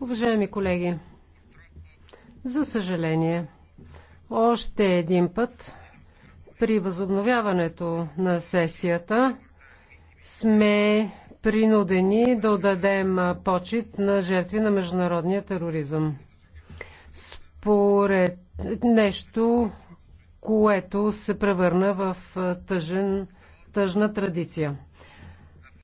Уважаеми колеги, за съжаление, още един път при възобновяването на сесията сме принудени да отдадем почет на жертви на международния тероризъм. Според нещо, което се превърна в тъжен, тъжна традиция.